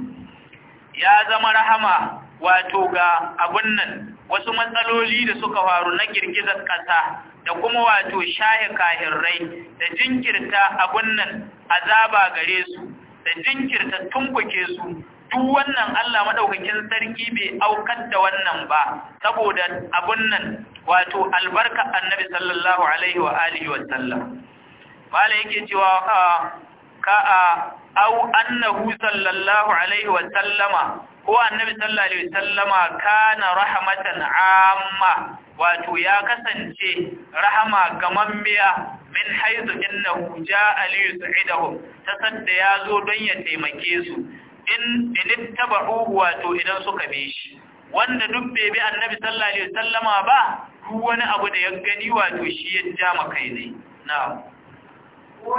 ya zama rahama wato ga abun nan wasu matsaloli da suka faru na girgizar ƙasa da kuma wato shahi kahirrai da jinkirta abun nan azaba gare su da jinkirta tumbuke su duk wannan Allah madaukakin sarki bai aukar da wannan ba saboda abun nan wato albarka annabi sallallahu alaihi wa alihi wa sallam bala yake cewa ah, ka'a au annahu sallallahu alaihi wa sallama ko annabi sallallahu alaihi wa sallama kana rahmatan amma wato ya kasance rahama gamammiya min haizu innahu ja'a li yus'idahum ya zo don ya taimake su in inittaba'uhu wato idan suka bi shi wanda duk bai bi annabi sallallahu alaihi sallama ba duk wani abu da ya gani wato shi ya ja makai ne na'am Allah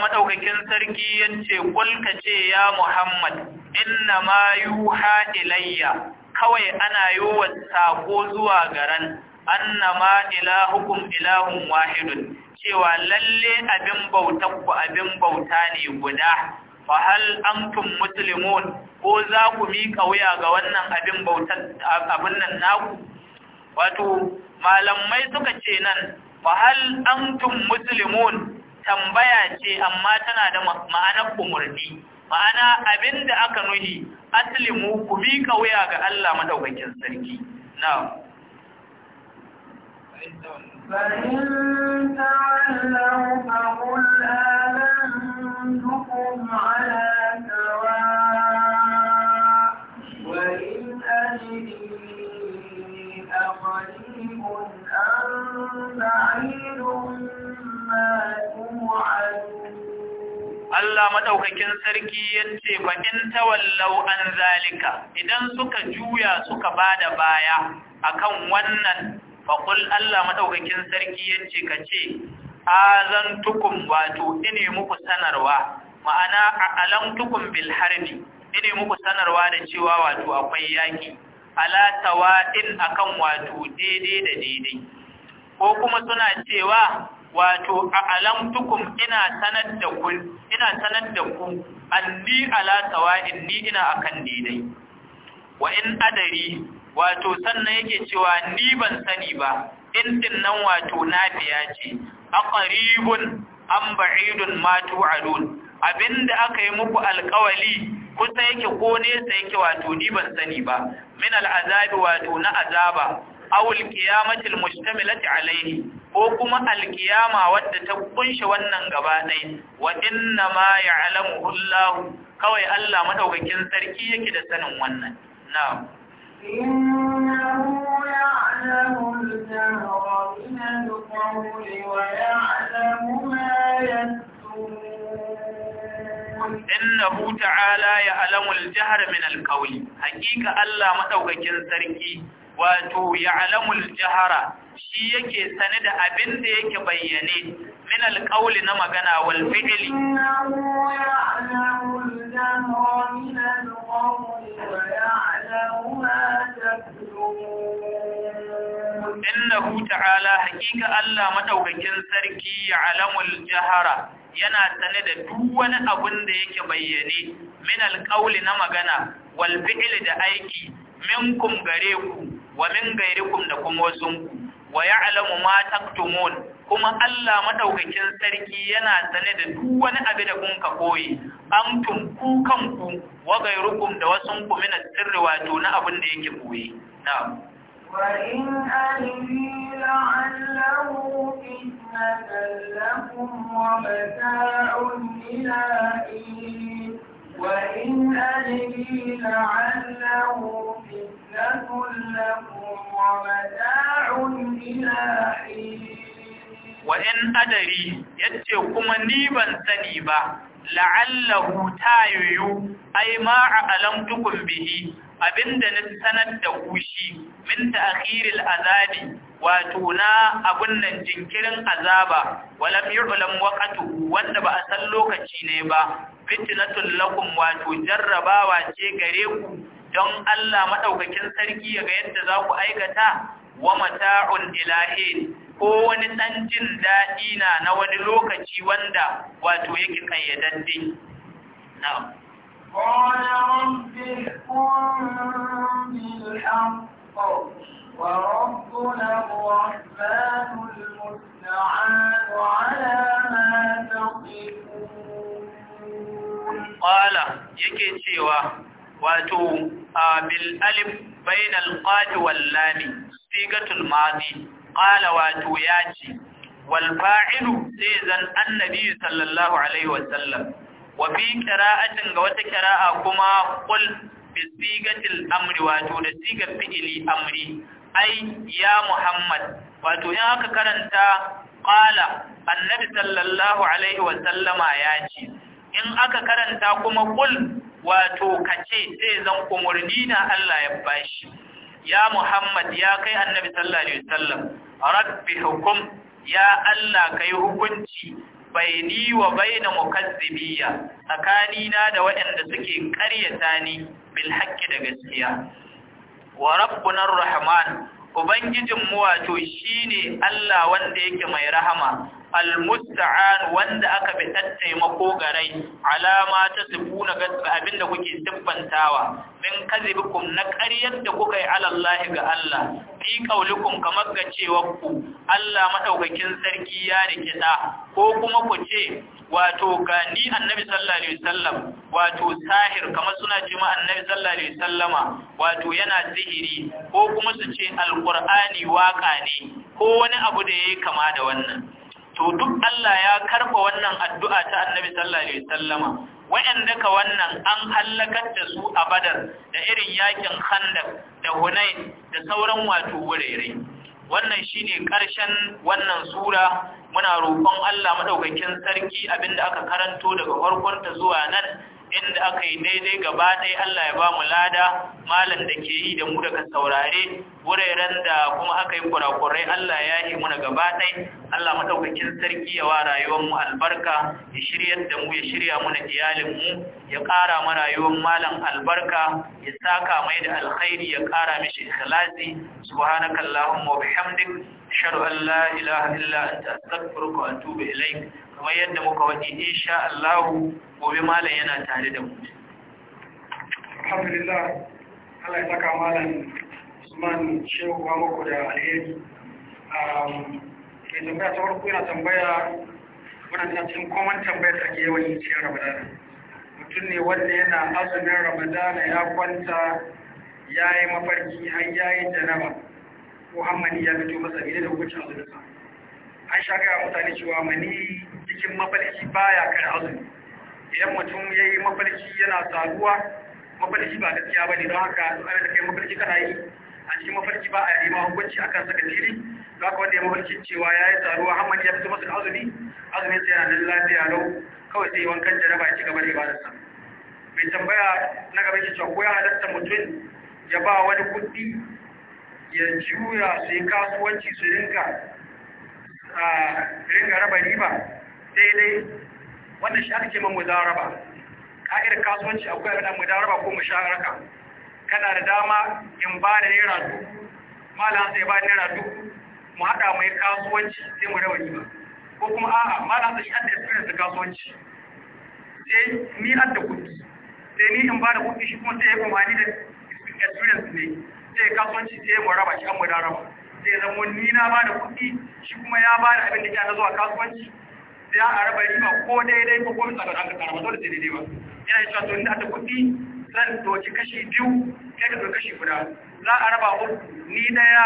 madaukakin sarki yace kulka ce ya Muhammad inna ma yuha ilayya kawai ana yi wa sako zuwa garan annama ilahukum ilahun wahidun cewa lalle abin bautanku abin bauta ne guda fa hal antum muslimun ko za ku miƙa wuya ga wannan abin bautan abin nan naku wato malamai suka ce nan fa hal antum muslimun tambaya ce amma tana da ma'anar umurni ma'ana abin da aka nuhi aslimu ku bi kauya ga Allah madaukakin sarki na'am فإن تعلوا فقل آمنتكم على سواء وإن Allah madaukakin sarki yace ba in tawallau an zalika idan suka juya suka bada baya akan wannan fa qul Allah madaukakin sarki yace kace azantukum wato ine muku sanarwa ma'ana alamtukum bil harbi ine muku sanarwa da cewa wato akwai yaki ala tawa'in akan wato daidai da daidai ko kuma suna cewa wato a alamtukum ina sanar da ku ina sanar da ku anni ala sawa'in ni ina akan daidai wa in adari wato sannan yake cewa ni ban sani ba in din nan wato na biya ce aqribun am ba'idun ma tu'alun abinda aka yi muku alƙawali kusa yake ko nesa yake wato ni ban sani ba min al'azabi wato na azaba awul qiyamatil mustamilati alayhi ko kuma alkiyama wadda ta kunshe wannan gaba ɗaya wa inna ma ya'lamu Allah kawai Allah madaukakin sarki yake da sanin wannan na'am innahu ya'lamu al-jahra min al-qawli wa ya'lamu ma innahu ta'ala ya'lamu al-jahra min al-qawli hakika Allah madaukakin sarki wato ya'lamul jahara shi yake sane da abin da yake bayyane min alqawli na magana wal fi'li innahu ta'ala hakika Allah madaukakin sarki ya'lamul jahara yana sane da duk wani abun da yake bayyane min alƙauli na magana wal fi'li da aiki Min kum gare ku wa min kum da kuma wasunku wa alamu ma taktumun kuma Allah madaukakin sarki yana sane da duk wani abu da kun ka koyi tun ku kanku wa gairu kum da wasun ku, min sirri wato na abin da yake koyi na'am wa in alimi la'allahu fitnatan lakum wa mata'un ila وإن أدري لعله فتنة لكم ومتاع إلى حين Wa’in adari yace kuma ni ban sani ba, la’allahu ta yoyo, ai ma a alamtukun bihi, Abin da na sanar da kushi min ta'khiril azabi wato na abun nan jinkirin azaba walam yu'lam waqatu wanda ba a san lokaci ne ba fitnatul lakum wato jarrabawa ce gare ku don Allah madaukakin sarki ya ga yadda za ku aikata wa mata'un ilahin ko wani ɗan jin daɗi na na wani lokaci wanda wato yake kayyadadde na'am قال رب احكم بالحق وربنا الرحمن المستعان على ما تصفون قال يكي سوى واتو آه، بالالف بين القاد واللام صيغه الماضي قال واتو ياتي والفاعل سيزن النبي صلى الله عليه وسلم wa fi qira'atin ga wata qira'a kuma qul bi sigatil amri wato da sigar fi'ili amri ai ya muhammad wato in aka karanta qala annabi sallallahu alaihi wa sallama ya ce in aka karanta kuma qul wato kace sai zan umurni na Allah ya bashi ya muhammad ya kai annabi sallallahu alaihi wa sallam rabbi hukum ya Allah ka yi hukunci baini wa baina mukazzibiyya tsakanina da waɗanda suke ƙaryata ni bil haqqi da gaskiya wa rabbuna rahman ubangijin mu wato shine Allah wanda yake mai rahama almusta'an wanda aka bi taimako garai alama ta sifuna ga abinda kuke siffantawa min kazibikum na ƙaryar da kuka yi alallahi ga Allah fi qaulukum kamar ga cewar ku Allah madaukakin sarki ya rikida ko kuma ku ce wato ga ni annabi sallallahu alaihi wasallam wato sahir kamar suna ce ma annabi sallallahu alaihi wasallama wato yana sihiri ko kuma su ce alqur'ani waka ne ko wani abu da yake kama da wannan to duk Allah ya karba wannan addu'a ta annabi sallallahu alaihi wasallama wa'anda ka wannan an hallakar da su a badar da irin yakin khandaq da hunain da sauran wato wurare wannan shine karshen wannan sura muna roƙon Allah madaukakin sarki abinda aka karanto daga farkon ta zuwa nan inda aka yi daidai gaba ɗaya Allah ya ba mu lada malam da ke yi da mu daga saurare wuraren da kuma aka yi kurakurai Allah ya yi muna gaba ɗaya Allah madaukakin sarki ya wa rayuwar mu albarka ya shiryar da mu ya shirya muna iyalin mu ya ƙara mu rayuwar malam albarka ya saka mai da alkhairi ya ƙara mishi ikhlasi subhanakallahumma wa bihamdik ashhadu an la ilaha illa anta astaghfiruka wa atubu ilaik kamar yadda muka wani insha Allah gobe malam yana tare da mu alhamdulillah Allah ya saka malam Usman Shehu ba muku da alheri um, mai tambaya ta farko yana tambaya wannan ta cikin komai tambayar da ke yawan yin ciyar Ramadan. mutum ne wanda yana azumin Ramadan ya kwanta ya yi mafarki har yayi janaba Muhammad ya fito masa ne da hukuncin azumin an sha gaya mutane cewa mani cikin mafarki baya kar azumi idan mutum ya yi mafarki yana saruwa mafarki ba gaskiya ba ne don haka tsarin da kai mafarki kana yi a cikin mafarki ba a yi ma hukunci a kan saka tiri za ka wanda ya mafarki cewa ya yi saruwa hamman ya fito masa azumi azumi sai yana nan lafiya lau kawai sai wankan jaraba ya ci gaba da ibadarsa mai tambaya na gaba ke cewa ko ya halatta mutum ya ba wani kuɗi ya juya su yi kasuwanci su rinka rinka raba riba daidai wannan shi ake ce man mudaraba ka'idar kasuwanci akwai abin da mudaraba ko musharaka kana da dama in ba da naira dubu malam sai ba da naira dubu mu haɗa mai kasuwanci sai mu rawani ba ko kuma a'a malam sai shi da experience da kasuwanci sai ni har kuɗi sai ni in ba da kuɗi shi kuma sai ya kumani da experience ne sai kasuwanci sai mu raba shi an mu sai zama ni na ba da kuɗi shi kuma ya ba da abin da ya na zuwa kasuwanci za a raba riba ko daidai ko kuma tsaron aka tsara dole daidai ba ina yi cewa to inda ta kuɗi zan doki kashi biyu kai ka doki kashi guda za a raba ku ni daya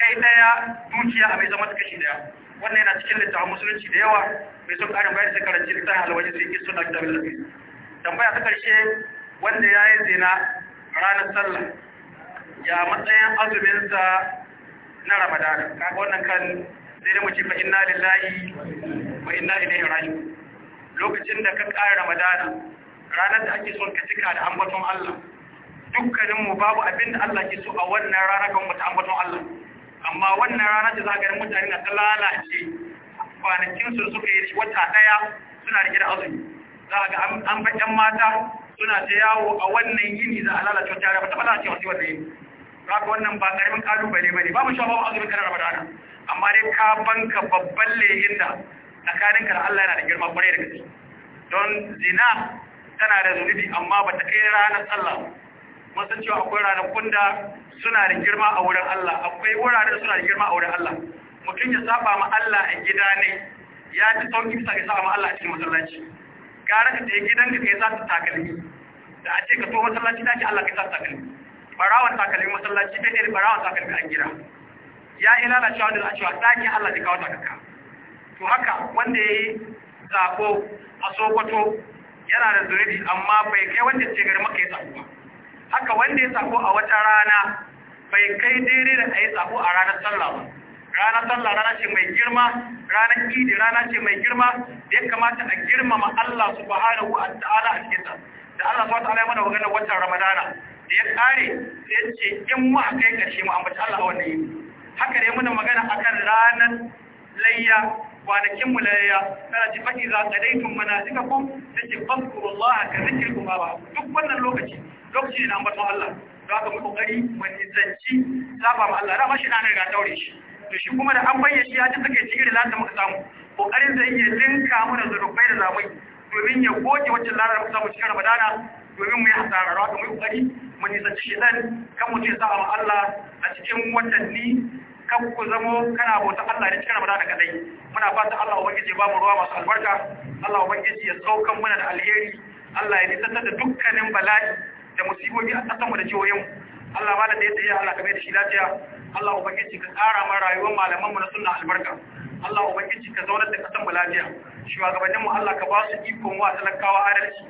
kai daya dukiya a mai zama ta kashi daya wannan yana cikin littafin musulunci da yawa mai son ƙarin bayar da karanci littafin halwaje sai ki suna kitabin lafi tambaya ta karshe wanda ya yi zina ranar sallah ya matsayin azuminsa na ramadana kaga wannan kan sai dai mu ci fa inna lillahi wa inna ilaihi raji'un lokacin da ka ƙara ramadana ranar da ake son ka cika da ambaton Allah dukkaninmu babu abin da Allah ke so a wannan rana kan mutu ambaton Allah amma wannan rana da zagayen mutane na ta lalace kwanakin su suka yi wata daya suna rike da azumi za ga an bakin mata suna ta yawo a wannan yini za a lalace wata yara ba ta lalace wasu wannan yini yi. wannan ba karamin ƙalubale ba ba mu sha babu azumin kanar ramadana amma dai ka banka babban lehin da tsakaninka da Allah yana da girma kwarai da gaske don zina tana da zunubi amma ba ta kai ranar Allah mun san cewa akwai ranar kunda suna da girma a wurin Allah akwai wurare da suna da girma a wurin Allah mutum ya saba ma Allah a gida ne ya ci sauki bisa ga saba ma Allah a cikin masallaci gara ka je gidan ka kai sa takalmi da a ce ka to masallaci da ke Allah kai sa takalmi barawan takalmi masallaci da ne barawan takalmi a gida ya ilala cewa da a cewa dakin Allah da kawo takalmi to haka wanda ya yi sako a sokoto yana da zuri amma bai kai wanda ce gari maka ya ba. haka wanda ya sako a wata rana bai kai daidai da a yi sako a ranar sallah ba ranar sallah rana ce mai girma ranar idi rana ce mai girma da ya kamata a girmama Allah hana wa ta'ala a cikin da Allah su wa ta'ala ya mana maganar watan Ramadana da ya kare da ya ce in mu a kai karshe mu ambaci Allah a wannan yi. haka da ya muna magana akan ranar layya kwanakin mu layya tana ji faɗi za ka daitun manazikakum ta ce fasku Allah ka zikir kuma ba duk wannan lokaci lokaci ne na ambaton Allah za ka mu kokari mu nisanci saba ma Allah rama shi na ga taure shi to shi kuma da an bayyana shi ya ji take cikin da za muka samu kokarin zai iya linka mu da zurfai da zamai domin ya goge wacce lalata muka samu cikin Ramadana domin mu yi hasara rawa mu yi kokari mu nisanci shi dan kan mu ce sa'a Allah a cikin watanni kan ku zamo kana bauta Allah ne cikin Ramadan kadai muna fata Allah ubangiji ya ba mu ruwa masu albarka Allah ubangiji ya saukan mana da alheri Allah ya nisantar da dukkanin bala'i da musibobi a kasan mu da jihohin Allah malam da ya tsaye Allah kamar da shi lafiya Allah ubangiji ka tsara mana rayuwar malaman mu na sunna albarka Allah ubangiji ka zaunar da kasan mu lafiya shugabannin mu Allah ka ba su ikon wa talakawa adalci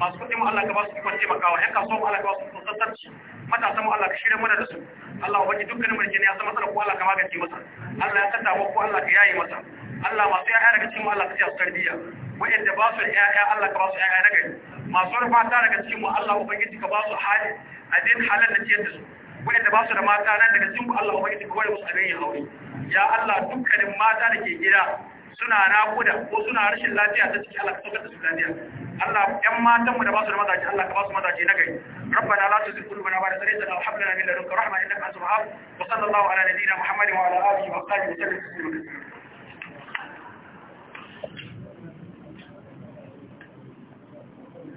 masu kuɗi mu Allah ka ba su ikon taimakawa yan kasuwa mu Allah ka ba su ikon matasan mu Allah ka shirya mana da su Allah ubangi dukkanin ne ya san matsala ko Allah ka magance masa Allah ya san damuwa ko Allah ka yaye masa Allah masu yaya daga cikin mu Allah ka ji su tarbiyya wa'anda ba su yaya Allah ka ba su yaya na gari masu rufata daga cikin mu Allah ubangiji ka ba su hali abin halal da ciyar da su wa'anda ba su da mata nan daga cikin mu Allah ubangiji ka ware musu abin ya aure ya Allah dukkanin mata da ke gida suna naƙuda ko suna rashin lafiya ta ciki Allah ka saukar da su lafiya Allah ƴan matan mu da ba su da mazaje Allah ka ba su mazaje na gari ربنا لا تزغ قلوبنا بعد إذ هديتنا وهب لنا من لدنك رحمة إنك أنت الوهاب وصلى الله على نبينا محمد وعلى آله وصحبه وسلم تسليما كثيرا